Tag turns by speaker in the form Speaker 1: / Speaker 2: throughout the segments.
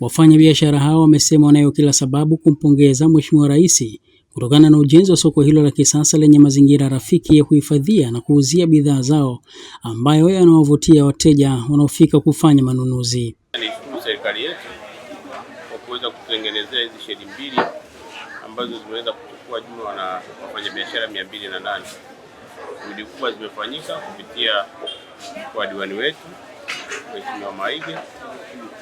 Speaker 1: Wafanyabiashara hao wamesema wanayo kila sababu kumpongeza Mheshimiwa Rais kutokana na ujenzi wa soko hilo la kisasa lenye mazingira rafiki ya kuhifadhia na kuuzia bidhaa zao ambayo yanawavutia wateja wanaofika kufanya manunuzi.
Speaker 2: Naishukuru serikali yetu kwa kuweza kutengenezea hizi shedi mbili ambazo zimeweza kuchukua jumla na wafanyabiashara mia mbili na nane. Juhudi kubwa zimefanyika kupitia kwa diwani wetu Mheshimiwa Maige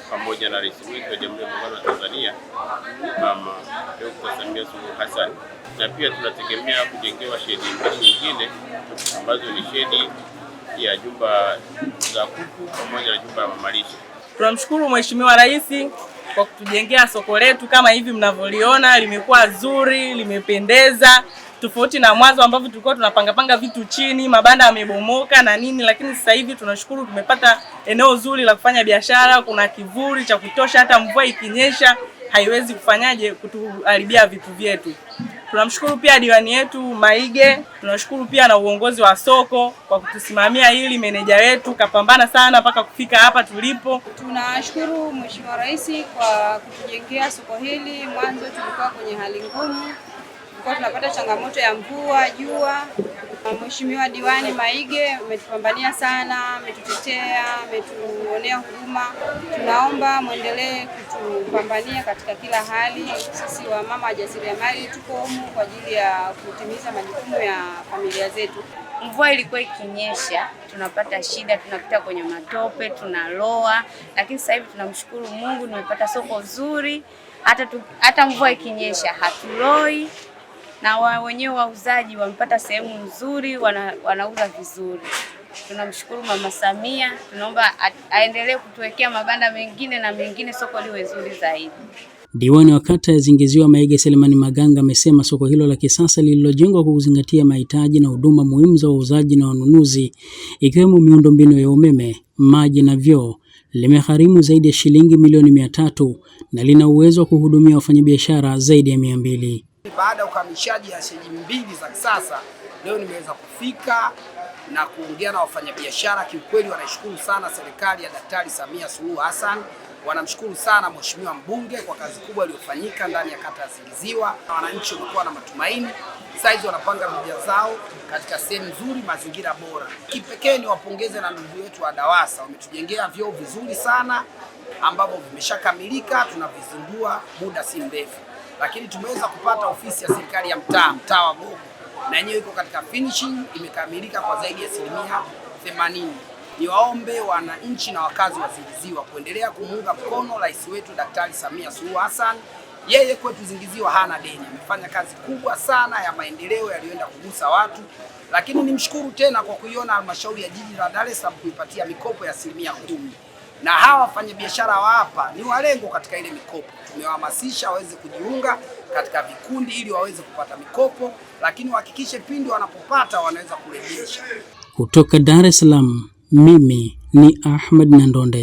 Speaker 2: pamoja na rais wetu wa Jamhuri ya Muungano wa Tanzania Mama Dkt. Samia Suluhu Hassan, na pia tunategemea kujengewa shedi nyingine ambazo ni shedi ya jumba za kuku pamoja na jumba ya mamalisho.
Speaker 3: Tunamshukuru Mheshimiwa Rais kwa kutujengea soko letu kama hivi mnavyoliona, limekuwa zuri, limependeza tofauti na mwanzo ambavyo tulikuwa tunapangapanga vitu chini, mabanda yamebomoka na nini, lakini sasa hivi tunashukuru tumepata eneo zuri la kufanya biashara, kuna kivuli cha kutosha, hata mvua ikinyesha haiwezi kufanyaje kutuharibia vitu vyetu. Tunamshukuru pia diwani yetu Maige, tunashukuru pia na uongozi
Speaker 4: wa soko kwa kutusimamia hili. Meneja wetu kapambana sana mpaka kufika hapa tulipo. Tunashukuru Mheshimiwa Rais kwa kutujengea soko hili, mwanzo tulikuwa kwenye hali ngumu tulikuwa tunapata changamoto ya mvua, jua. Mheshimiwa Diwani Maige umetupambania sana, ametutetea, ametuonea huruma. Tunaomba mwendelee kutupambania
Speaker 1: katika kila hali. Sisi wamama wajasiriamali tuko humu kwa ajili ya kutimiza majukumu ya familia zetu. Mvua ilikuwa ikinyesha, tunapata shida, tunapita kwenye matope, tunaloa, lakini sasa hivi tunamshukuru Mungu, nimepata soko zuri. Hata, hata mvua ikinyesha hatuloi
Speaker 5: na wa wenyewe wauzaji wamepata sehemu nzuri, wana, wanauza vizuri. Tunamshukuru Mama Samia, tunaomba aendelee kutuwekea mabanda mengine na mengine, soko liwe zuri zaidi. Diwani wa kata ya Zingiziwa Maige Selemani Maganga amesema soko hilo la kisasa lililojengwa kwa kuzingatia mahitaji na huduma muhimu za wauzaji na wanunuzi ikiwemo miundombinu ya umeme, maji na vyoo limegharimu zaidi ya shilingi milioni mia tatu na lina uwezo wa kuhudumia wafanyabiashara zaidi ya mia mbili. Baada ya ukamilishaji ya sheji mbili za kisasa, leo nimeweza kufika na kuongea na wafanyabiashara. Kiukweli wanaishukuru sana serikali ya Daktari Samia Suluhu Hassan, wanamshukuru sana mheshimiwa mbunge kwa kazi kubwa iliyofanyika ndani ya kata ya Zingiziwa, wananchi wamekuwa na matumaini saizi wanapanga mija zao katika sehemu nzuri, mazingira bora. Kipekee ni wapongeze na ndugu wetu wa DAWASA, wametujengea vyoo vizuri sana ambavyo vimeshakamilika, tunavizindua muda si mrefu lakini tumeweza kupata ofisi ya serikali ya mtaa mtaa wa Gogo na yenyewe iko katika finishing, imekamilika kwa zaidi
Speaker 1: ya asilimia 80. Niwaombe wananchi na wakazi wa Zingiziwa kuendelea kumuunga mkono rais wetu Daktari Samia Suluhu Hassan. Yeye kwetu Zingiziwa hana deni, amefanya kazi kubwa sana ya maendeleo yaliyoenda kugusa watu, lakini nimshukuru tena kwa kuiona halmashauri ya jiji la Dar es Salaam kuipatia mikopo ya asilimia kumi na hawa wafanyabiashara wa hapa ni walengo katika ile mikopo. Tumewahamasisha waweze kujiunga katika vikundi ili waweze kupata mikopo, lakini wahakikishe pindi wanapopata wanaweza kurejesha. Kutoka Dar es Salaam, mimi ni Ahmed Nandonde.